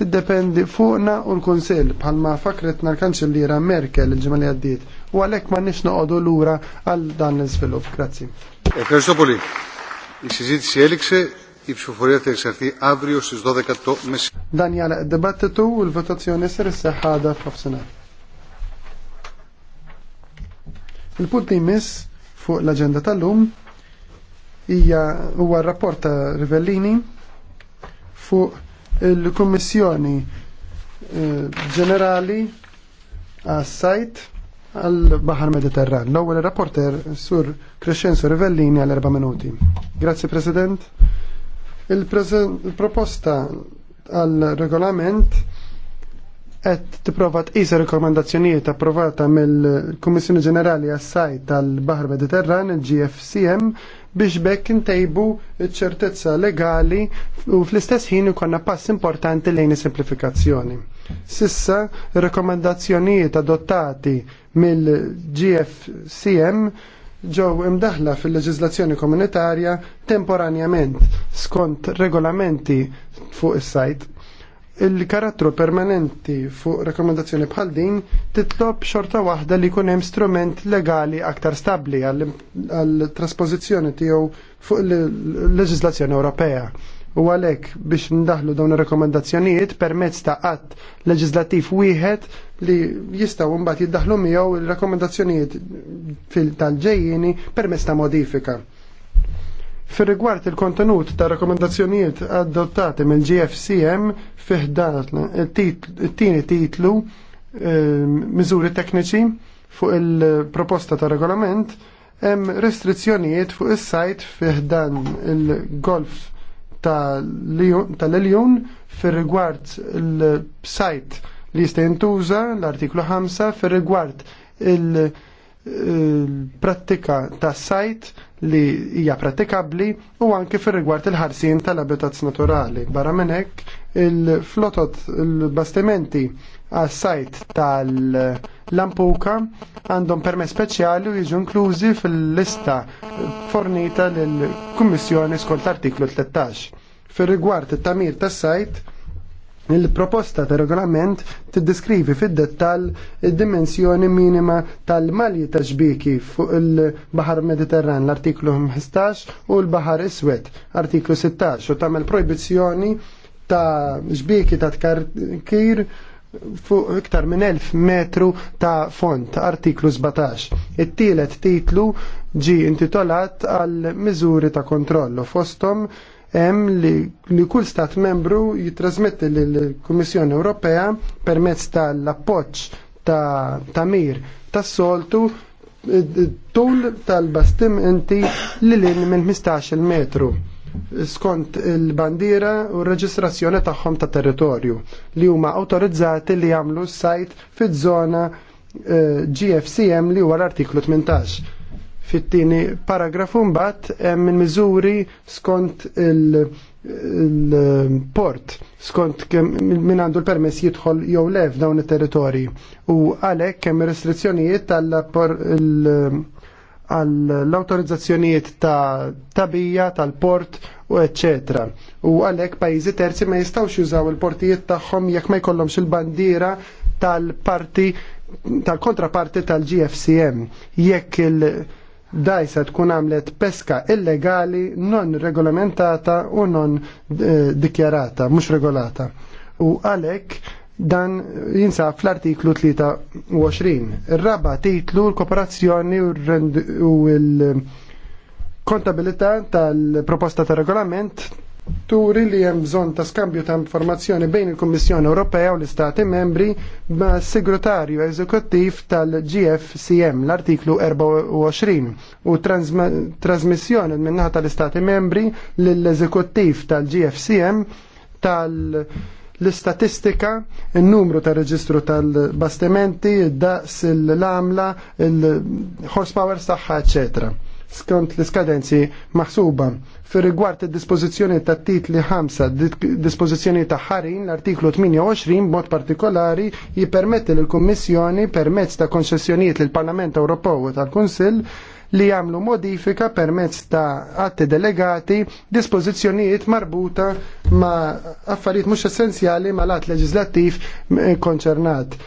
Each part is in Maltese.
tiddependi fuqna u l-Kunsill bħalma fakretna l-Kanċelliera Merkel il-ġimgħa li għaddiet u għalhekk ma nix noqogħdu lura għal dan l-iżvilupp. Grazzi. Ευχαριστώ πολύ. Η συζήτηση έληξε. Η ψηφοφορία θα εξαρθεί αύριο 12 το Daniela, dibattitu u l-votazzjoni ser seħħada f'nofsinhar. il punti mis jmiss fuq l-aġenda tal-lum ija huwa r-rapport ta' Rivellini fuq il-Kummissjoni eh, Ġenerali għas-sajt għal-Bahar Mediterran. L-ewwel rapporter sur Crescenzo Rivellini għal erba' minuti. Grazzi President. Il-proposta għal regolament qed tipprova tqis rekomendazzjonijiet approvata mill-Kummissjoni Ġenerali għas-sajt tal bahar Mediterran, il-GFCM, biex bekk intejbu ċertezza legali u fl-istess ħin ikonna pass importanti lejn is-simplifikazzjoni. Sissa, rekomendazzjonijiet adottati mill-GFCM ġew imdaħla fil leġislazzjoni komunitarja temporanjament skont regolamenti fuq is-sajt il-karattru permanenti fuq rekomendazzjoni bħal din titlob xorta waħda li jkun hemm strument legali aktar stabbli għall-traspożizzjoni tiegħu fuq l-leġiżlazzjoni Ewropea. U għalhekk biex ndaħlu dawn ir-rekomendazzjonijiet permezz ta' qatt leġislattiv wieħed li jistgħu mbagħad jiddaħlu miegħu il-rekomendazzjonijiet tal-ġejjieni permezz ta' modifika. Fir rigward il-kontenut ta' rakomendazzjonijiet adottati mill gfcm fiħdan it-tieni titlu ehm, miżuri tekniċi fuq il-proposta ta' regolament hemm restrizzjonijiet fuq is-sajt fiħdan il-golf tal iljun fir rigward il-sajt li jista' jintuża l-artiklu 5 fir rigward il-prattika tas-sajt li hija pratikabli u anke fir rigward il-ħarsin tal-abitats naturali. Barra minn hekk il-flotot il-bastimenti għas-sajt tal-Lampuka għandhom permess speċjali u jiġu inklużi fil-lista fornita lill-Kummissjoni skont l-artiklu 13. Fir rigward it-tamir tas-sajt Il-proposta ta' regolament tiddeskrivi fid-dettall id-dimensjoni minima tal-malji ta' ġbiki fuq il-Bahar Mediterran l-artiklu 15 u l-Bahar Iswed artiklu 16 u tagħmel proibizzjoni ta' ġbiki ta' tkarkir fuq iktar minn 1000 metru ta' font, artiklu 17. It-tielet titlu ġi intitolat għal miżuri ta' kontrollu fostom hemm li, li kull stat membru jitrasmetti lill-Kummissjoni Ewropea permezz tal-appoġġ ta' tamir tas-soltu e, e, tul tal-bastimenti li l minn 15 metru skont il-bandira u r-reġistrazzjoni tagħhom ta' territorju li huma awtorizzati li jagħmlu s-sajt fiż-żona e, GFCM li huwa l-artiklu 18 Fit-tieni paragrafu mbagħad hemm miżuri skont il-port, eh, skont min għandu l-permess jidħol jew le f'dawn it-territorji. U għalhekk hemm restrizzjonijiet għall autorizzazzjonijiet eh, ta' tabija, tal-port u eccetera. U għalhekk pajjiżi terzi ma jistgħux jużaw il-portijiet tagħhom jekk ma jkollhomx il-bandiera tal-parti tal-kontraparti tal-GFCM. Jekk il- dajsa tkun għamlet peska illegali non regolamentata u non eh, dikjarata, mhux regolata. U għalhekk dan jinsab fl-artiklu 23. il raba titlu l-kooperazzjoni u l-kontabilità tal-proposta tal regolament turi li hemm bżonn ta' skambju ta' informazzjoni bejn il-Kummissjoni Ewropea u l-Istati Membri ma' segretarju eżekuttiv tal-GFCM l-artiklu 24 u trasmissjoni min-naħa tal- l-istatistika, il-numru ta' reġistru tal-bastimenti, id-daqs, l-lamla, il-horsepower saħħa, eccetera skont l-iskadenzi maħsuba. Fir rigward id-dispożizzjoni ta' titli 5, dispożizzjoni ta' ħarin, l-artiklu 28 b'mod partikolari jipermetti l-Kummissjoni permezz ta' konċessjonijiet l parlament Ewropew u tal-Kunsill li jagħmlu modifika permezz ta' atti delegati dispożizzjonijiet marbuta ma' affarijiet mhux essenzjali mal-att leġislattiv konċernat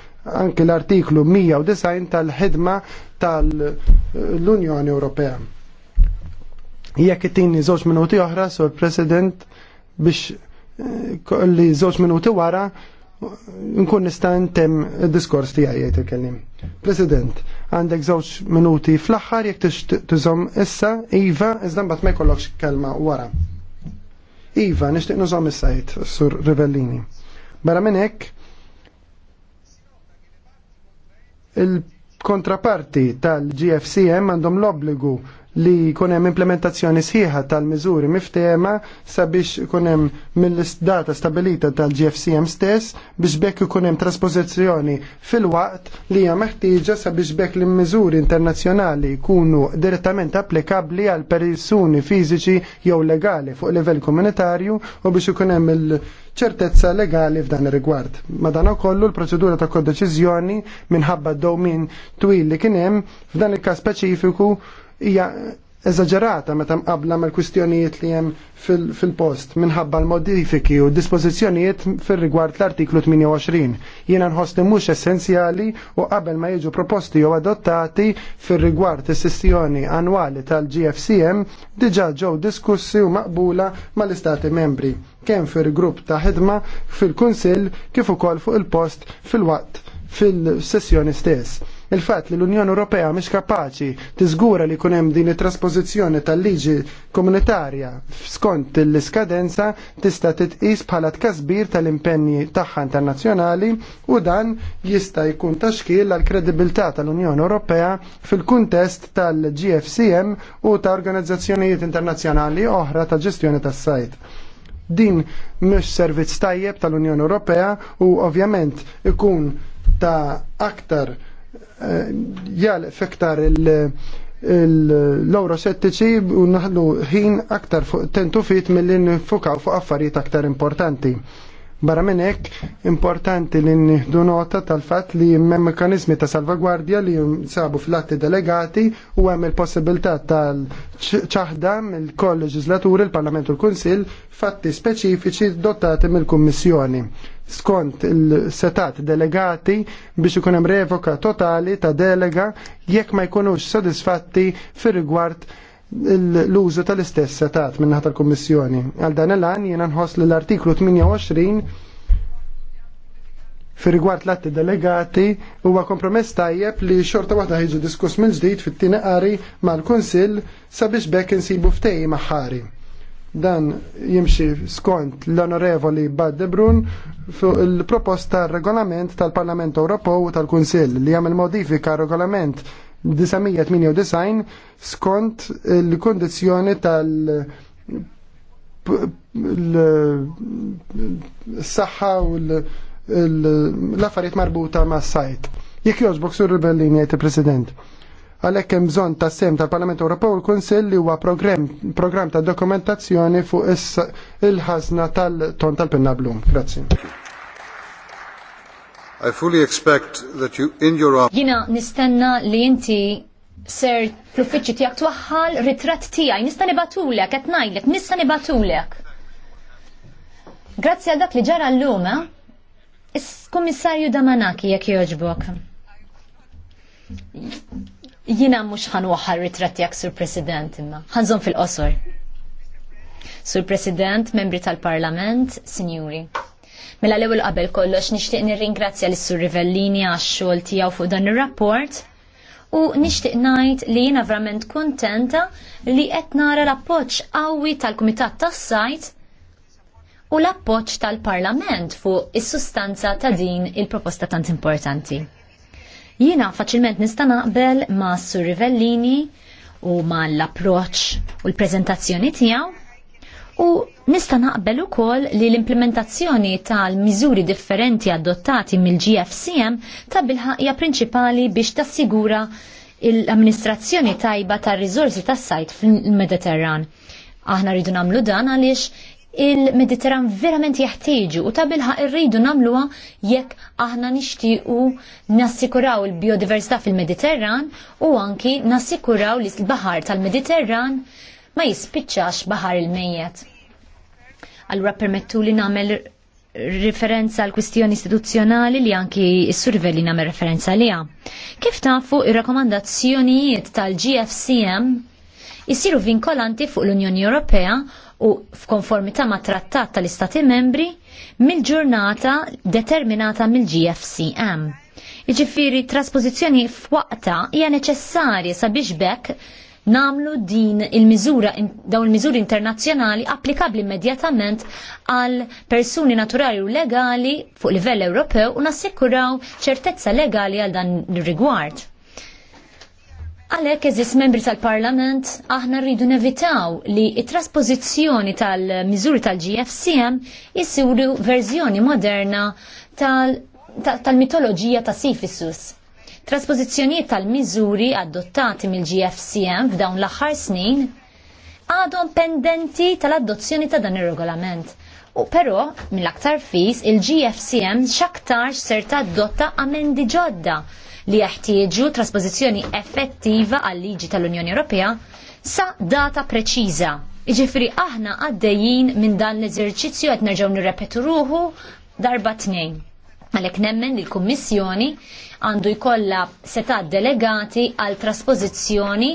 anke l-artiklu 190 tal-ħidma tal-Unjoni Ewropea. Jekk tinni żewġ minuti oħra, sur President, biex eh, li żewġ minuti wara nkun nista' ntem id-diskors tiegħi jgħid il-kellim. President, għandek żewġ minuti fl-aħħar jekk tużom issa, iva, iżda mbagħad ma jkollokx kelma wara. Iva, nixtieq nużom is jgħid Sur Rivellini. Barra minn hekk, il kontraparti tal-GFCM għandhom l-obbligu li kunem implementazzjoni sħiħa tal-mizuri miftema sabiex kunem mill-data stabilita tal-GFCM stess biex bekk kunem traspożizzjoni fil-waqt li hija meħtieġa sabiex bekk li miżuri internazzjonali kunu direttament applikabli għal persuni fiżiċi jew legali fuq livell komunitarju u biex ikun hemm il- ċertezza legali f'dan ir-rigward. Madana kollu l-proċedura ta' kodeċiżjoni minħabba d domin twil li kien hemm f'dan il-każ speċifiku hija eżaġerata meta mqabla mal-kwistjonijiet li hemm fil-post minħabba l-modifiki u dispożizzjonijiet fil-rigward l-artiklu 28. Jiena nħoss li mhux essenzjali u qabel ma jiġu proposti jew adottati fil-rigward is-sessjoni annwali tal-GFCM diġà ġew diskussi u maqbula mal-Istati membri kemm fil-grupp ta' ħidma fil-Kunsill kif ukoll fuq il-post fil-waqt fil-sessjoni stess Il-fatt li l-Unjoni Ewropea mhix kapaċi tiżgura li jkun hemm din it-traspożizzjoni tal-liġi komunitarja skont l-iskadenza tista' titqis bħala tkasbir tal-impenni tagħha internazzjonali u dan jista' jkun taxkil għal kredibilità tal-Unjoni Ewropea fil-kuntest tal-GFCM u ta' organizzazzjonijiet internazzjonali oħra ta' ġestjoni tas-sajt din mhux servizz tajjeb tal-Unjoni Ewropea u ovvjament ikun ta' aktar jgħal fektar l settiċi u naħlu ħin aktar tentu fit mill-li fuq affarijiet aktar importanti. Barra minn hekk importanti li nieħdu nota tal-fatt li hemm mekanizmi ta' salvagwardja li jinsabu fl-atti delegati u hemm il-possibilità tal-ċaħda il koll leġislaturi il-Parlament u l-Kunsill fatti speċifiċi dotati mill-Kummissjoni skont il-setat delegati biex ikun hemm revoka totali ta' delega jekk ma jkunux sodisfatti fir-rigward l-użu tal-istess setat minn naħa tal-Kummissjoni. Għal dan l-għan jena nħoss li l-artiklu 28 fir rigward l-atti delegati huwa kompromess tajjeb li xorta waħda ħiġu diskuss mill-ġdid fit-tieni qari mal-Kunsill sabiex bekk insibu f'tej maħħari dan jimxi skont l-onorevoli Baddebrun fuq il-proposta regolament tal-Parlament Ewropew u tal-Kunsill li jagħmel modifika regolament 1998 skont il-kondizjoni tal- l-saxħa u l-affarijiet marbuta ma' sajt. Jekk jozbok sur rebellin jajt il-President. Għalhekk hemm bżonn ta' sem tal-Parlament Ewropew u l-Kunsill li huwa programm ta' dokumentazzjoni fuq il ħazna tal-ton tal-pinna blum. Grazzi. I fully expect that you in your Jina nistenna li inti ser fl-uffiċċju tiegħek twaħħal ritratt tiegħi nista' nibatulek qed ngħidlek nista' nibatulek. Grazzi għal dak li ġara llum, eh? is-Kummissarju Damanaki jekk jogħġbok. Jina mhux ħanwaħħal ritratt tiegħek sur President imma, ħanżon fil-qosor. Sur President, membri tal-Parlament, Sinjuri. Mela l-ewwel qabel kollox nixtieq nirringrazzja lis sur Rivellini għax-xogħol tiegħu fuq dan ir-rapport u nixtieq ngħid li jiena verament kuntenta li qed nara l-appoġġ qawwi tal-Kumitat tas-Sajt u l-appoġġ tal-Parlament fuq is-sustanza ta' din il-proposta tant importanti. Jiena faċilment nista' naqbel ma' Sur Rivellini u ma' l u l-preżentazzjoni tiegħu U nista' naqbel ukoll li l-implementazzjoni tal-miżuri differenti adottati mill-GFCM ta' ħaqja prinċipali biex tassigura l-amministrazzjoni tajba tar-riżorsi tas-sajt fil-Mediterran. Aħna rridu nagħmlu dan għaliex il-Mediterran verament jeħtieġu u ta' bilħaq irridu nagħmluha jekk aħna nixtiequ nassikuraw il-biodiversità fil-Mediterran u anki nassikuraw li l-baħar tal-Mediterran ma jispiċċax baħar il-mejjet. Allura permettu li nagħmel riferenza għal kwistjoni istituzzjonali li anki s-surveli nagħmel referenza għaliha. Kif tafu ir-rakomandazzjonijiet tal-GFCM jisiru vinkolanti fuq l-Unjoni Ewropea u f'konformità ma' trattat tal-Istati membri mill-ġurnata determinata mill-GFCM. Iġifiri, trasposizjoni f'waqta hija neċessarja sabiex bekk namlu din il-miżura dawn il-miżuri internazzjonali applikabli immedjatament għal persuni naturali u legali fuq livell Ewropew u nassikuraw ċertezza legali għal dan ir-rigward. Għalek eżis membri tal-Parlament, aħna rridu nevitaw li it traspożizzjoni tal miżuri tal-GFCM jissuru verżjoni moderna tal mitoloġija ta', ta, Sifisus. Traspożizzjonijiet tal-miżuri adottati mill-GFCM f'dawn l-aħħar snin għadhom pendenti tal-adozzjoni ta' dan ir-regolament. U però mill-aktar fis il-GFCM x'aktarx ser tadotta amendi ġodda li jeħtieġu traspożizzjoni effettiva għal-liġi tal-Unjoni Ewropea sa data preċiża. Iġifri aħna għaddejjin minn dan l-eżerċizzju qed nerġgħu nirrepetu ruħu darba tnejn. Għalek nemmen il kommissjoni għandu jkolla seta delegati għal traspożizzjoni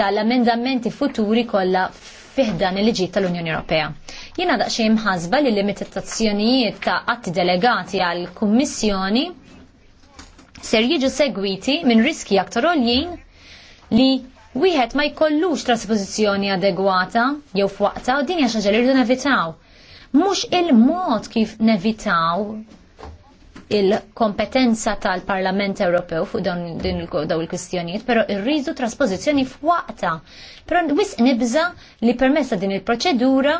tal-amendamenti futuri kollha fiħdan il-liġi tal-Unjoni Ewropea. Jiena daqsxejn mħasba li limitazzjonijiet ta' atti delegati għal kummissjoni ser jiġu segwiti minn riski aktar oljin li wieħed ma jkollux traspożizzjoni adegwata jew f'waqta u din hija xi li rridu nevitaw. Mhux il-mod kif nevitaw il-kompetenza tal-Parlament Ewropew fuq dawn il-kwistjonijiet, però irridu traspożizzjoni f'waqta. Però wis nibża li permessa din il-proċedura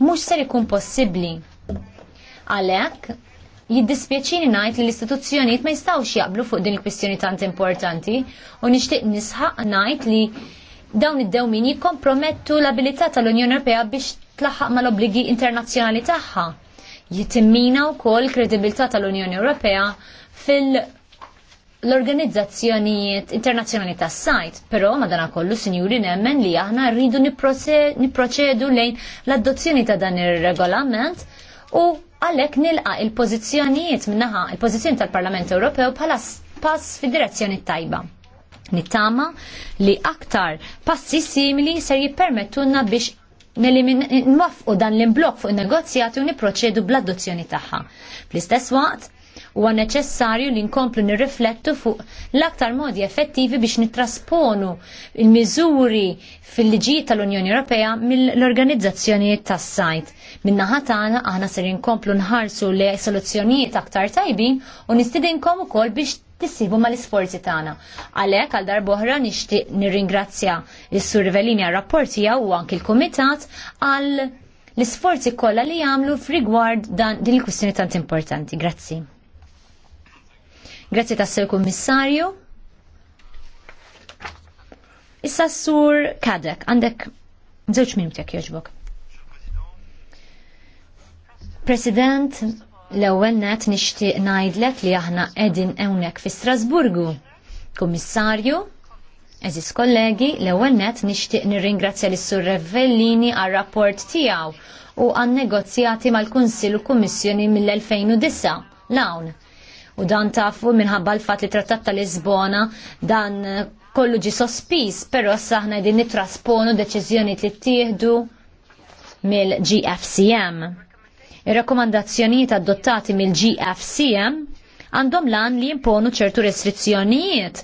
mhux ser ikun possibbli. Għalhekk jiddispjaċini ngħid li l-istituzzjonijiet ma jistgħux jaqblu fuq din il-kwistjoni tant importanti u nixtieq nisħaq ngħid li dawn id-dewmin jikkompromettu l-abilità tal-Unjoni Ewropea biex tlaħħaq mal obbligi internazzjonali tagħha jitimmina wkoll kredibilità tal-Unjoni Ewropea fil- l-organizzazzjonijiet internazzjonali tas sajt, però madana kollu sinjuri nemmen li aħna rridu niproċedu lejn l-adozzjoni ta' dan ir-regolament u għalek nilqa il-pozizjonijiet minnaħa il-pozizjoni tal-Parlament Ewropew bħala pass fi direzzjoni tajba. Nittama li aktar passi simili ser jippermettunna biex nwafqu dan l-imblok fuq negozjati u niproċedu bl-adozzjoni tagħha. Fl-istess waqt, huwa neċessarju li nkomplu nirriflettu fuq l-aktar modi effettivi biex nitrasponu il-miżuri fil-liġijiet tal-Unjoni Ewropea mill-organizzazzjonijiet tas-sajt. Minnaħa tagħna aħna ser inkomplu nħarsu li soluzzjonijiet aktar tajbin u nistidinkom ukoll biex tissibu ma l-isforzi tagħna. Għalhekk għal darboħra nixtieq nirringrazzja l-Sur Rivelini għal rapporti u anki l-Kumitat għal l-isforzi kollha li f f'rigward dan din il-kwistjoni tant importanti. Grazzi. Grazzi tas-Sur Kummissarju. Issa Sur Kadek, għandek żewġ minuti jekk jogħġbok. President, L-ewwel net nixtieq ngħidlek li aħna qegħdin hawnhekk fi Strasburgu. Kummissarju, Eżis kollegi, l-ewwel net nixtieq nirringrazzja lis sur Revellini għar rapport tiegħu u għan negozjati mal-Kunsill u Kummissjoni mill-2009 l-hawn. U dan tafu minħabba l-fatt li trattat ta' Lisbona dan kollu ġi sospis, però saħna din nitrasponu deċiżjoni li ttieħdu mill-GFCM Ir-rakkomandazzjonijiet adottati mill-GFCM għandhom lan li jimponu ċertu restrizzjonijiet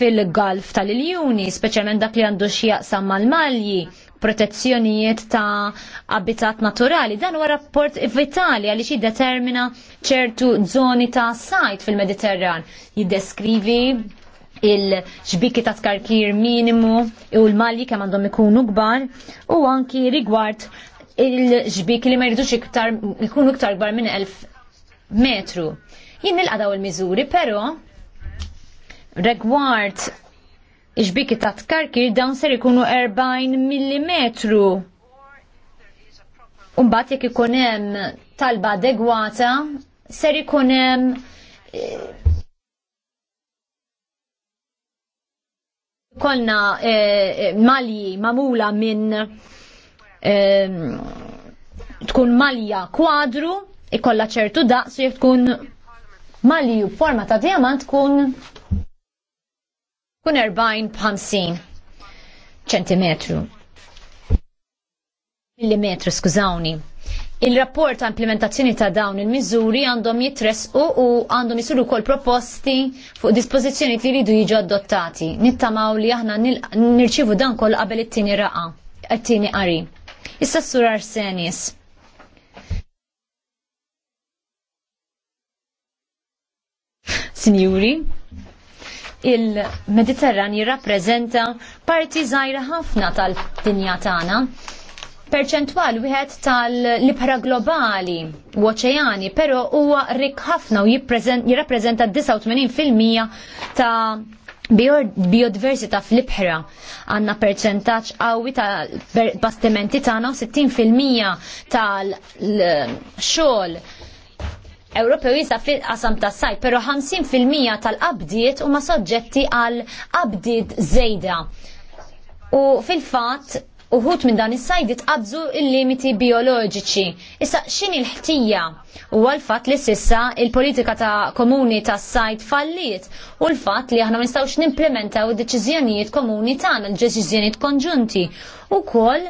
fil golf tal-Iljuni, speċjalment dak li għandu x'jaqsam mal-malji, protezzjonijiet ta' abitat naturali. Dan huwa rapport vitali għaliex determina ċertu zoni ta' sajt fil-Mediterran. Jiddeskrivi il-xbiki ta' tkarkir minimu u l-malji kemm għandhom ikunu kbar u anki rigward il-ġbik li ma jridux iktar, ikunu iktar gbar minn 1000 metru. Jien nilqadaw il-miżuri, pero regward iġbiki ta' tkarkir dawn ser ikunu 40 mm. Umbat jek ikunem talba adegwata, ser ikunem eh, kolna eh, eh, malji mamula minn tkun malja kwadru, ikolla ċertu su jek tkun malju forma ta' diamant tkun kun 40 b'50 ċentimetru. Millimetru, skużawni. Il-rapport ta' implementazzjoni ta' dawn il-miżuri għandhom jitresqu u għandhom jisuru kol proposti fuq dispozizjoni li jridu jiġu adottati. Nittamaw li aħna nirċivu dan kol qabel it-tieni raqa, it tini qari. Issa s-sur Arsenis. Signori, il-Mediterran jirrappreżenta parti żgħira ħafna tal-dinja tagħna. Perċentwal wieħed tal-libra globali u oċeani, però huwa rik ħafna u jirrappreżenta 89% ta' biodiversità fl-ibħra għanna percentaċ qawwi ta' bastimenti tagħna u 60% tal-xogħol Ewropew jisa fil-qasam tas saj, pero 50% tal-qabdiet huma soġġetti għal qabdiet żejda. U fil-fatt uħut minn dan is sajd qabżu il-limiti bioloġiċi. Issa x'inhi l-ħtija u għal-fatt li sissa il-politika ta' komuni ta' sajd falliet u l-fatt li aħna ma nimplementaw id-deċiżjonijiet komuni tagħna, l-deċiżjonijiet konġunti. Ukoll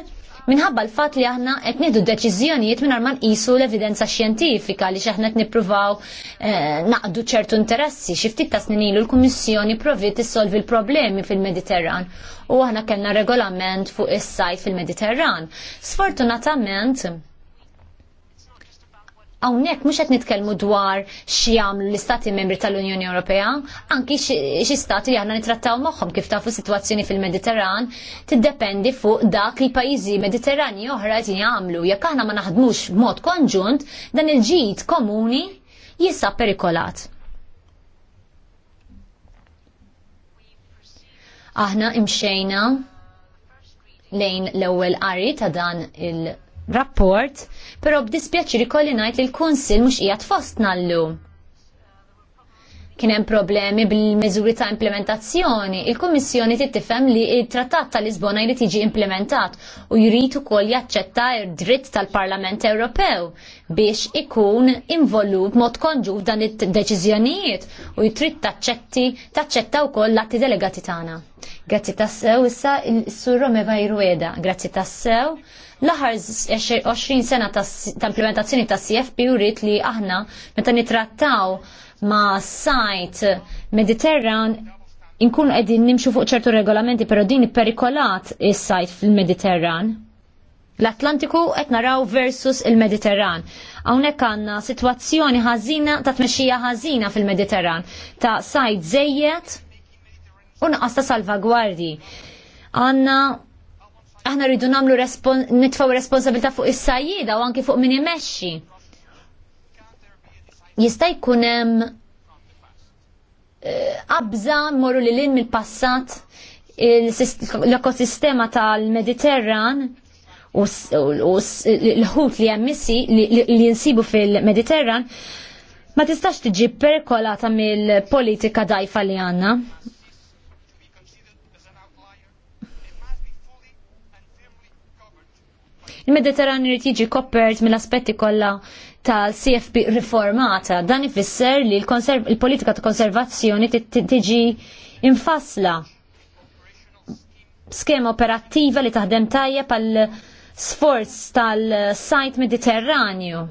minħabba l-fat li aħna qed nieħdu deċiżjonijiet mingħajr ma nqisu l-evidenza xjentifika li x'aħna qed nippruvaw eh, naqdu ċertu interessi. Xi ftit ta' snin ilu l-Kummissjoni provit issolvi l-problemi fil-Mediterran u aħna kellna regolament fuq is-sajf fil-Mediterran. Sfortunatament, Hawnhekk mhux qed nitkellmu dwar jagħmlu l-istati membri tal-Unjoni Ewropea, anki xi stati aħna nitrattaw magħhom kif tafu sitwazzjoni fil-Mediterran tiddependi fuq dak li pajjiżi Mediterrani oħra qed jagħmlu. Jekk aħna ma naħdmux b'mod konġunt, dan il-ġid komuni jista' perikolat. Aħna imxejna lejn l-ewwel qari ta' dan il- rapport, pero b'dispjaċiri kolli ngħid li l-Kunsil mhux ijat fost llum. Kien hemm problemi bil-miżuri ta' implementazzjoni. Il-Kummissjoni tittifem li t-Trattat tal Lisbona jrid jiġi implementat u jrid ukoll jaċċetta il dritt tal-Parlament Ewropew biex ikun involut mod konġu dan id-deċiżjonijiet u jtrid taċċetti taċċetta wkoll l-atti delegati tagħna. Grazzi tassew issa s-sur Romeva Irweda. Grazzi tassew. L-aħħar 20 sena ta' implementazzjoni ta' CFP urit li aħna meta nitrattaw ma' sajt Mediterran inkun qegħdin nimxu fuq ċertu regolamenti però din perikolat is-sajt fil-Mediterran. L-Atlantiku qed naraw versus il-Mediterran. Hawnhekk għandna sitwazzjoni ħażina ta' tmexxija ħażina fil-Mediterran ta' sajt żejjed u naqas ta' salvagwardji. Għandna aħna rridu namlu nitfgħu nitfaw responsabilta fuq is-sajjida u anki fuq min imexxi. Jista' jkun hemm eh, qabża morru lil lin mill-passat l-ekosistema tal-Mediterran u l-ħut li jemmissi li jinsibu fil-Mediterran ma tistax tiġi perkolata mill-politika dajfa li għanna. Il-Mediterranju jrid jiġi koppert mill-aspetti kollha tal-CFP riformata. Dan ifisser li l-politika ta' konservazzjoni tiġi infasla skema operattiva li taħdem tajja pal sforz tal-sajt mediterranju.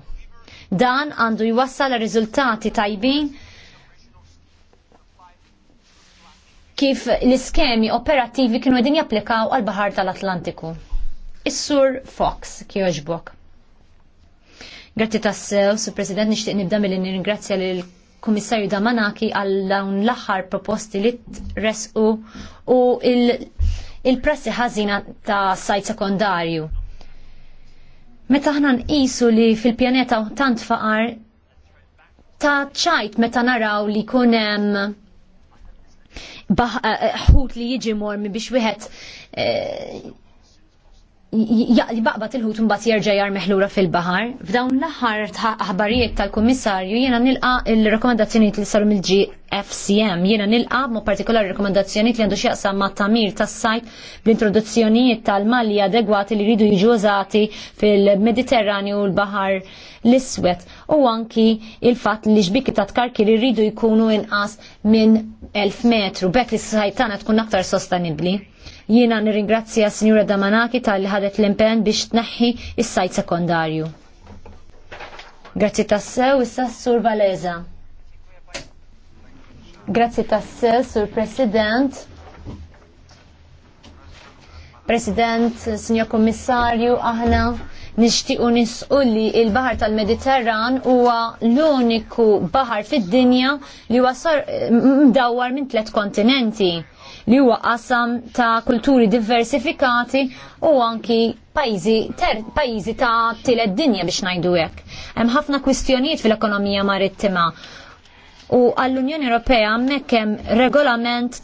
Dan għandu jwassal riżultati tajbin kif l-iskemi operattivi kienu għedin japplikaw għal-bahar tal-Atlantiku. Is-sur Fox, kjoġbok. Grazzi tassew, su President, nixtieq nibda mill ningrazzja lill Kummissarju Damanaki għal dawn l-aħħar proposti li tresqu u il-prassi ħażina ta' sajt sekondarju. Meta ħna nqisu li fil-pjaneta tant faqar ta' ċajt meta naraw li kunem eh, ħut li jiġi mormi biex wieħed eh, jaqli baqbat il-ħut mbagħad jerġa' jar meħlura fil-baħar. F'dawn l-aħħar aħbarijiet tal-Kummissarju jiena nilqa' il-rakkomandazzjonijiet li saru mill FCM. jiena nilqa' ma' partikolari rakkomandazzjonijiet li għandu x'jaqsam ma' tamir tas-sajt bl-introduzzjonijiet tal-malli adegwati li jridu jiġu użati fil-Mediterranju u l-Baħar l-Iswed u anki il-fatt li xbiki ta' li jridu jkunu inqas minn 1000 metru bekk li s-sajtana tkun aktar sostenibli. Jiena nirringrazzja Sinjura Damanaki tal-li ħadet l-impen biex tneħħi is-sajt sekondarju. Grazzi tassew, issa Sur Valeza. Grazzi tassew, Sur President. President, Sinjor Komissarju, aħna nixtiequ nisqu li il-Bahar tal-Mediterran huwa l-uniku bahar fid-dinja li wasar mdawwar minn tliet kontinenti li huwa qasam ta' kulturi diversifikati u anki pajjiżi pajjiżi ta' tielet dinja biex ngħidu hekk. Hemm ħafna kwistjonijiet fil-ekonomija marittima. U għall-Unjoni Ewropea hemmhekk hemm regolament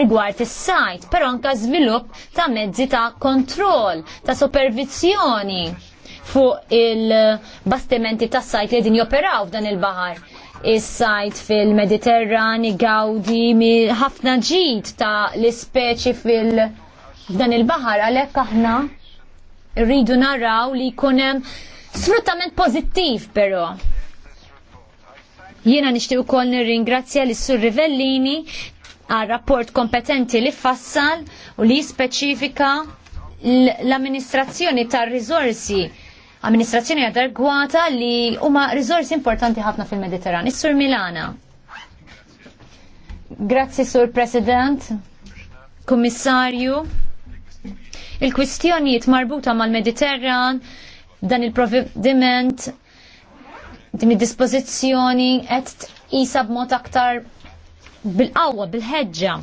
rigward is-sajt, però anke żvilupp ta' mezzi ta' kontroll, ta' supervizjoni fuq il-bastimenti tas sajt li din joperaw f'dan il baħar is-sajt fil-Mediterran igawdi mi ħafna ġid ta' l-ispeċi fil- dan il-bahar għalhekk aħna rridu naraw li jkun hemm sfruttament pożittiv però. Jiena nixtieq ukoll nirringrazzja lis sur Rivellini għal rapport kompetenti li fassal u li speċifika l-amministrazzjoni tar rizorsi amministrazzjoni adegwata li huma riżorsi importanti ħafna fil-Mediterran. Is-Sur Milana. Grazzi Sur President, Kummissarju. Il-kwistjonijiet marbuta mal-Mediterran, dan il-provvediment, din id-dispożizzjoni qed isa b'mod aktar bil-qawwa, bil-ħeġġa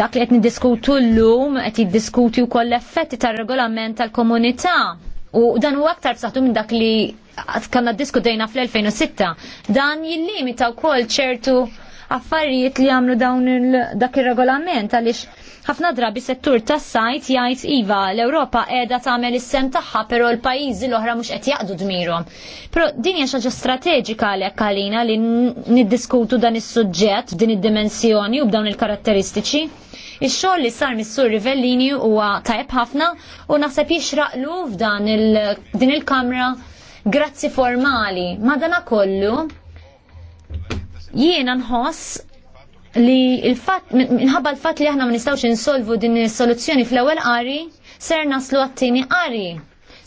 dak li qed niddiskutu llum qed jiddiskuti wkoll l-effetti tar-regolament tal-komunità U dan huwa aktar b'saħħtu minn dak li kanna diskutejna fl-2006. Dan jillimita wkoll ċertu affarijiet li għamlu dawn dak ir-regolament għaliex ħafna drabi settur tas-sajt jgħid iva l-Ewropa qiegħda tagħmel is-sem tagħha però l-pajjiżi l-oħra mhux qed jaqdu dmirhom. Però din hija xi ħaġa strateġika għalhekk għalina li niddiskutu dan is-suġġett din id-dimensjoni u b'dawn il-karatteristiċi. Ix-xogħol li sar mis-Sur Rivellini huwa tajb ħafna u naħseb jixraqlu f'dan din il-kamra grazzi formali. Madana kollu jiena nħoss li il fatt minħabba l fatt li aħna ma nistawx insolvu din is-soluzzjoni fl-ewwel qari, ser naslu għat-tieni qari.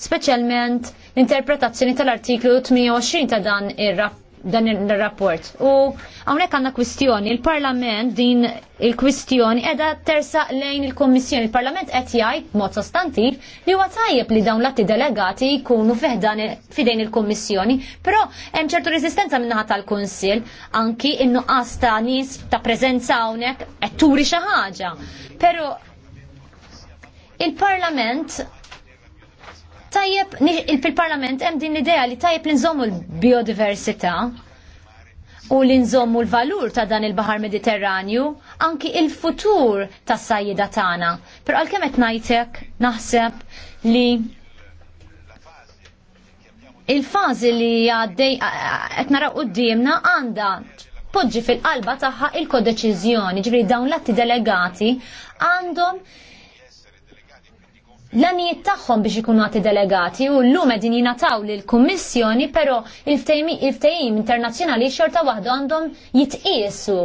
Speċjalment l-interpretazzjoni tal-artiklu 28 ta' dan ir rapport dan il-rapport. U għawnek għanna kwistjoni, il-parlament din il-kwistjoni edha tersa lejn il-kommissjoni. Il-parlament qed jgħid mod sostantiv li huwa tajjeb li dawn lati delegati jkunu fidejn il-kommissjoni, però hemm ċertu resistenza minnaħa tal-Kunsill anki in-nuqqas ta' nies ta' preżenza hawnhekk qed turi xi ħaġa. Però il-Parlament tajjeb il-parlament hemm din l-idea li tajjeb li nżommu l-biodiversità u li nżommu l-valur ta' dan il-Bahar Mediterranju anki il-futur ta' sajjida tagħna. Però għalkemm qed ngħidlek naħseb li il-fażi li għaddej qed naraw qudiemna għandha poġġi fil-qalba tagħha il-kodeċiżjoni, ġifieri dawn l-atti delegati għandhom l-għanijiet tagħhom biex ikunu għati delegati u l-lum edin jinataw l-Kummissjoni, pero il-ftejim internazzjonali xorta wahdu għandhom jitqisu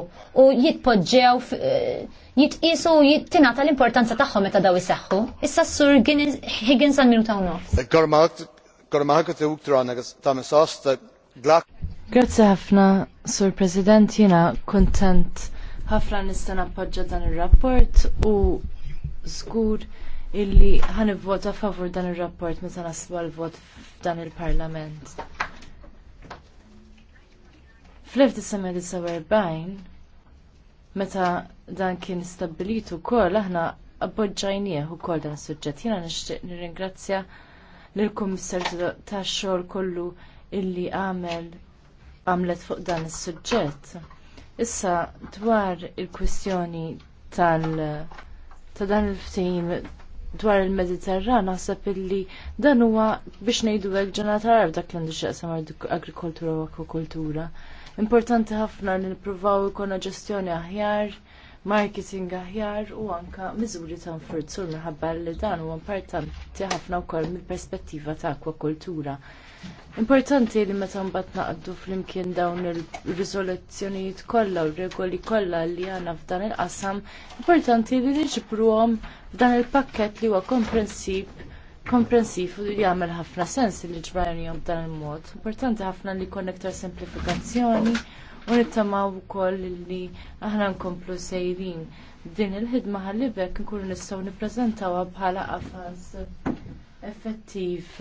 u jitpoġġew eh, jitqisu u jittinata l-importanza tagħhom meta daw isaħħu. Issa s-sur Higgins għal minuta u nofs. Grazie ħafna, Sur President, jina kontent ħafna nistan appoġġa dan ir-rapport u żgur illi ħanivvota favur dan ir-rapport meta naslu għal-vot f'dan il-Parlament. Fl-1947 meta dan kien stabbilitu wkoll aħna abboġġajnieh ukoll dan is-suġġett. Jiena nixtieq nirringrazzja lill-Kummissarju tax-xogħol kollu illi għamel għamlet fuq dan is-suġġett. Issa dwar il-kwistjoni tal ta' dan il-ftim dwar il-Mediterran naħseb illi dan huwa biex ngħidu hekk ġenata arab dak li għandu x'jaqsam agrikoltura u akwakultura. Importanti ħafna li nippruvaw ikolna ġestjoni aħjar marketing aħjar u anka miżuri ta' nfurzur minħabba li dan huwa importanti ħafna wkoll mill-perspettiva ta' akwakultura. Importanti li meta mbagħad naqdu flimkien dawn ir-riżoluzzjonijiet kollha u regoli kollha li għandna f'dan il-qasam, importanti li niġbruhom f'dan il-pakkett li huwa komprensiv komprensif u li għamil ħafna sens li ġbarni jom dan il-mod. Importanti ħafna li konnektar semplifikazzjoni u nittamaw ukoll li aħna nkomplu sejrin. Din il-ħidma ħallibek nkunu nistgħu nippreżentawha bħala qafas effettiv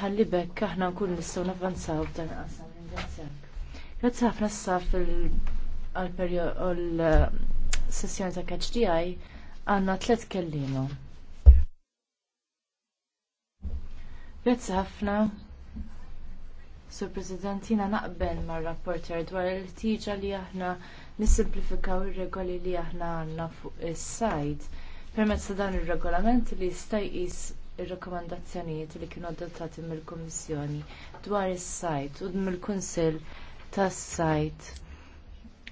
ħallibek aħna nkunu nistgħu navvanzaw f'dan qasam. Ringrazzjak. Grazzi ħafna issa fil-sessjoni eh, ta' KHDI għandna tliet kelliema. Grazzi ħafna. Sur President, jina naqben ma' rapporter dwar il-ħtiġa li aħna nissimplifikaw ir-regoli li aħna għandna fuq is-sajd. Permezz ta' dan ir-regolament li jista' jqis ir-rakkomandazzjonijiet li kienu adottati mill-Kummissjoni dwar is-sajt u mill-Kunsill tas-sajt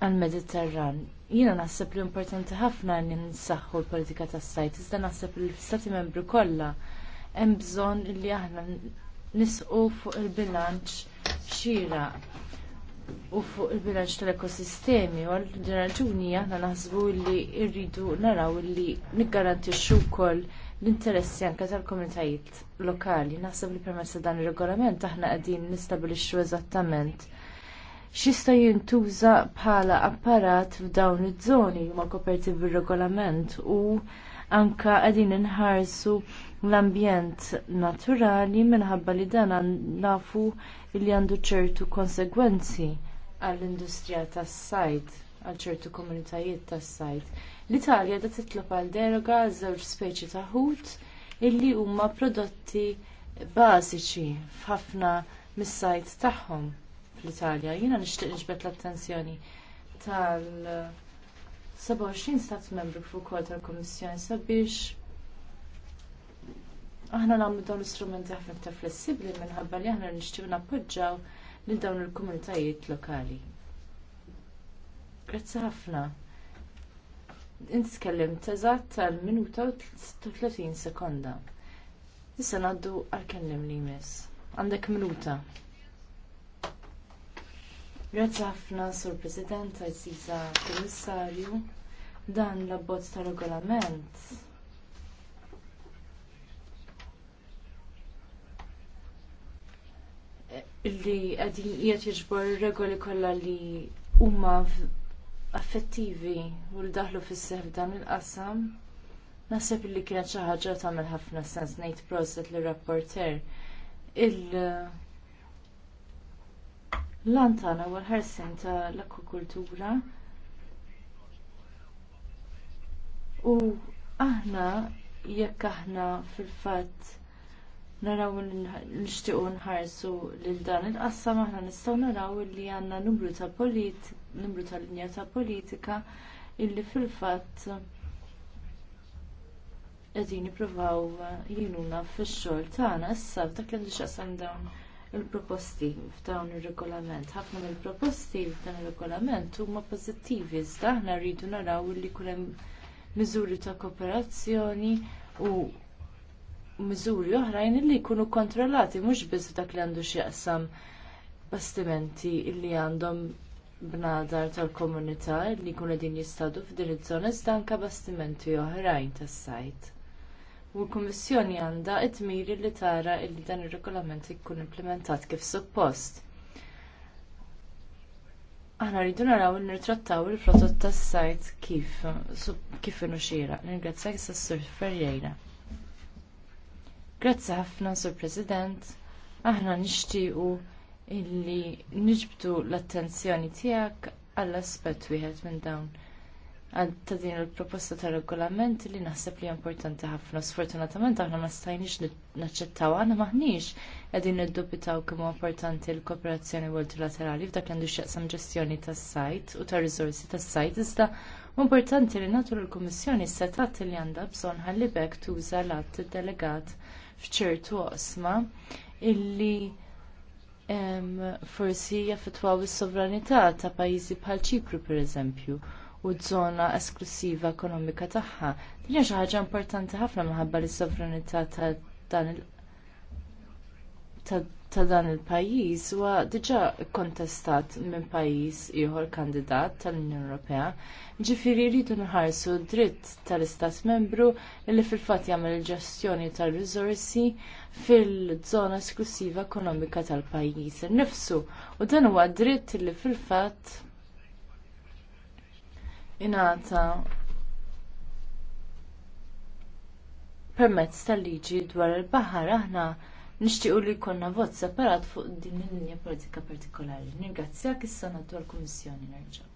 għal-Mediterran. Jiena naħseb li importanti ħafna li nsaħħu l-politika tas-sajt, iżda naħseb li l-Stati membri kollha hemm bżonn li aħna nisqu fuq il-bilanċ xira u fuq il-bilanċ tal-ekosistemi u għal raġuni aħna naħsbu li rridu naraw li niggarantixxu wkoll l-interessi anke tal-komunitajiet lokali. Naħseb li permezz dan ir-regolament aħna qegħdin nistabilixxu eżattament xista jintuża bħala apparat f'dawn iż-żoni huma koperti bir-regolament u anka qegħdin inħarsu l-ambjent naturali minħabba li dan nafu li għandu ċertu konsegwenzi għall-industrija tas-sajd għal ċertu komunitajiet tas-sajd. L-Italja da titlob għal deroga żewġ speċi ta' ħut illi huma prodotti bażiċi f'ħafna mis-sajt tagħhom fl-Italja. Jiena nixtieq nixbet l-attenzjoni tal- 27 stat membru fuq kol tal-Komissjoni sabiex aħna nagħmlu dawn l-istrumenti ħafna ta' flessibbli minħabba li aħna nixtiew nappoġġaw lil dawn il-komunitajiet lokali. Grazzi ħafna. Inti tkellimt eżatt tal-minuta u 36 sekonda. Issa ngħaddu għal-kellim li jmiss. Għandek minuta. Grazzi ħafna, Sur President, Għaziza Komissarju. Dan l-abbozz ta' regolament li għadin jiet jiġbor regoli kollha li huma affettivi u l-daħlu fis-seħf dan il-qasam. Naħseb li kienet xi ħaġa tagħmel ħafna sens ngħid proset li rapporter il- Lantana għal ħarsin ta' l akkukultura u aħna jekk aħna fil-fatt naraw nixtiequ nħarsu lil dan il-qassam aħna nistgħu naraw li għandna numru ta' polit, numru ta' linja ta' politika illi fil-fatt qegħdin ippruvaw jinuna fix-xogħol tagħna issa dak li xaqsam dawn il-proposti f'dawn ir-regolament. Ħafna mill-proposti f'dan ir-regolament huma pożittivi iżda aħna rridu naraw li jkun hemm miżuri ta' kooperazzjoni u miżuri oħrajn li jkunu kontrollati mhux biss dak li għandu x'jaqsam bastimenti li għandhom b'nadar tal-komunità li jkunu din jistadu f'din iż-żona iżda anke bastimenti oħrajn tas-sajt. U l-Kummissjoni għandha t-tmiri li tara li dan ir-regolament ikun implementat kif suppost. Aħna rridu naraw li nirtrattaw il-prodott tas-sajt kif kif inhu xira. Ningrazzjak sas-Sur Ferjera. Grazzi ħafna Sur President. Aħna nixtiequ illi niġbdu l-attenzjoni tiegħek għall-aspett wieħed minn dawn ta' din il-proposta ta' regolament li naħseb li importanti ħafna. Sfortunatament aħna ma stajniex naċċettaw, aħna maħniex qegħdin niddubitaw kemm importanti l-kooperazzjoni multilaterali f'dak għandu x'jaqsam ġestjoni tas-sajt u ta' rizorsi tas-sajt iżda importanti li nagħtu il kummissjoni setat li għandha bżonn ħalli bekk tuża l-att delegat f'ċertu osma illi forsi jaffetwaw is-sovranità ta' pajjiżi bħal Ċipru pereżempju u żona esklusiva ekonomika tagħha. Din hija xi ħaġa importanti ħafna minħabba lis sovranità ta' dan il- pajjiż huwa diġà kkontestat minn pajjiż ieħor kandidat tal-Unjoni Ewropea. Ġifieri jridu nħarsu dritt tal-Istat Membru li fil-fatt jagħmel il-ġestjoni tar-riżorsi fil-żona esklusiva ekonomika tal-pajjiż innifsu u dan huwa dritt li fil-fatt ingħata permezz tal-liġi dwar il-baħar aħna nixtiequ li jkollna vot separat fuq din il-linja politika partikolari. Ningrazzjak issa ngħaddu għall-Kummissjoni nerġa'.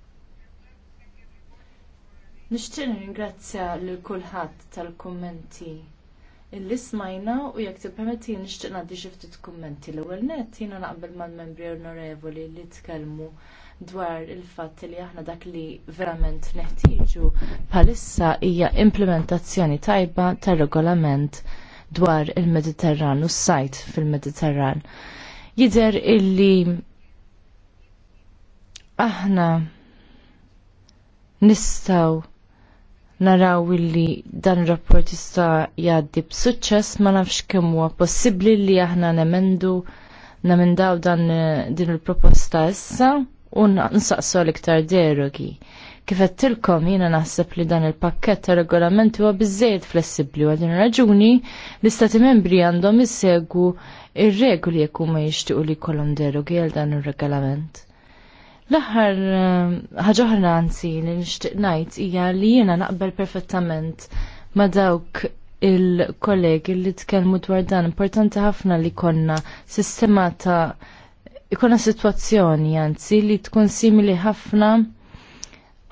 Nixtieq ningrazzja lil kulħadd tal-kummenti illi smajna u jekk tippermetti nixtieq ngħaddi xi ftit kummenti l-ewwel nett jiena naqbel mal-membri onorevoli li tkellmu dwar il-fatt li aħna dak li verament neħtieġu bħalissa hija implementazzjoni tajba tar-regolament dwar il-Mediterran u s-sajt fil-Mediterran. Jidher illi aħna nistaw naraw illi dan rapport jista' jgħaddi b'suċċess ma nafx kemm huwa possibbli li aħna nemendu namendaw dan eh, din il-proposta issa u nsaqsu l-iktar derogi. Kif tilkom jina naħseb li dan il-pakket ta' regolamenti huwa bizzejed flessibli u għadin raġuni l-istati membri għandhom jissegu il regoli jekk huma jixtiequ li jkollhom derogi għal dan ir-regolament. L-aħħar eh, ħaġa għanzi li nixtieq ngħid hija li jiena naqbel perfettament ma' dawk il-kollegi li tkellmu dwar dan importanti ħafna li konna sistema ta' ikona situazzjoni anzi li tkun simili ħafna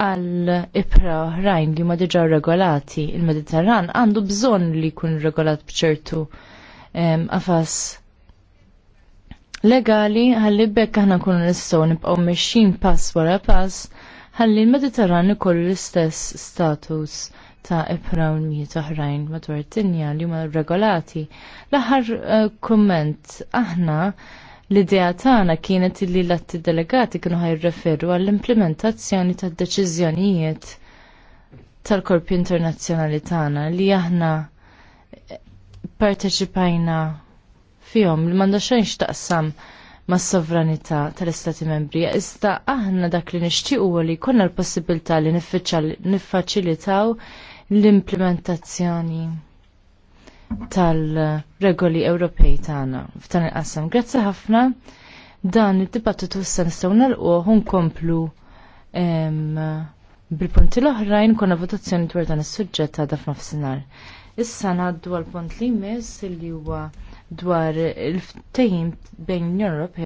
għal ipra oħrajn li ma diġa regolati. Il-Mediterran għandu bżon li kun regolat bċertu għafas legali ħalli bekk aħna nkunu nistgħu nibqgħu mexxin pass wara pass ħalli l-Mediterran ikollu l-istess status ta' ipra u miet oħrajn madwar id li huma regolati. L-aħħar eh, kumment aħna L-idea tagħna kienet li l-atti delegati kienu ħajrreferu għall-implementazzjoni tad-deċiżjonijiet tal-korpi internazzjonali tagħna li aħna parteċipajna fihom li m'għandha xejn x'taqsam mas sovranità tal-Istati Membri. Iżda aħna dak li nixtiequ li jkollna l-possibilità li niffaċilitaw l-implementazzjoni tal-regoli Ewropej tagħna f'dan il-qasam. Grazzi ħafna dan id-dibattitu issa nistgħu nagħlquh nkomplu bil-punti l-oħrajn konna votazzjoni dwar dan is-suġġett ta' dafna f'sinar. Issa ngħaddu għal punt li jmiss li huwa dwar il-ftehim bejn l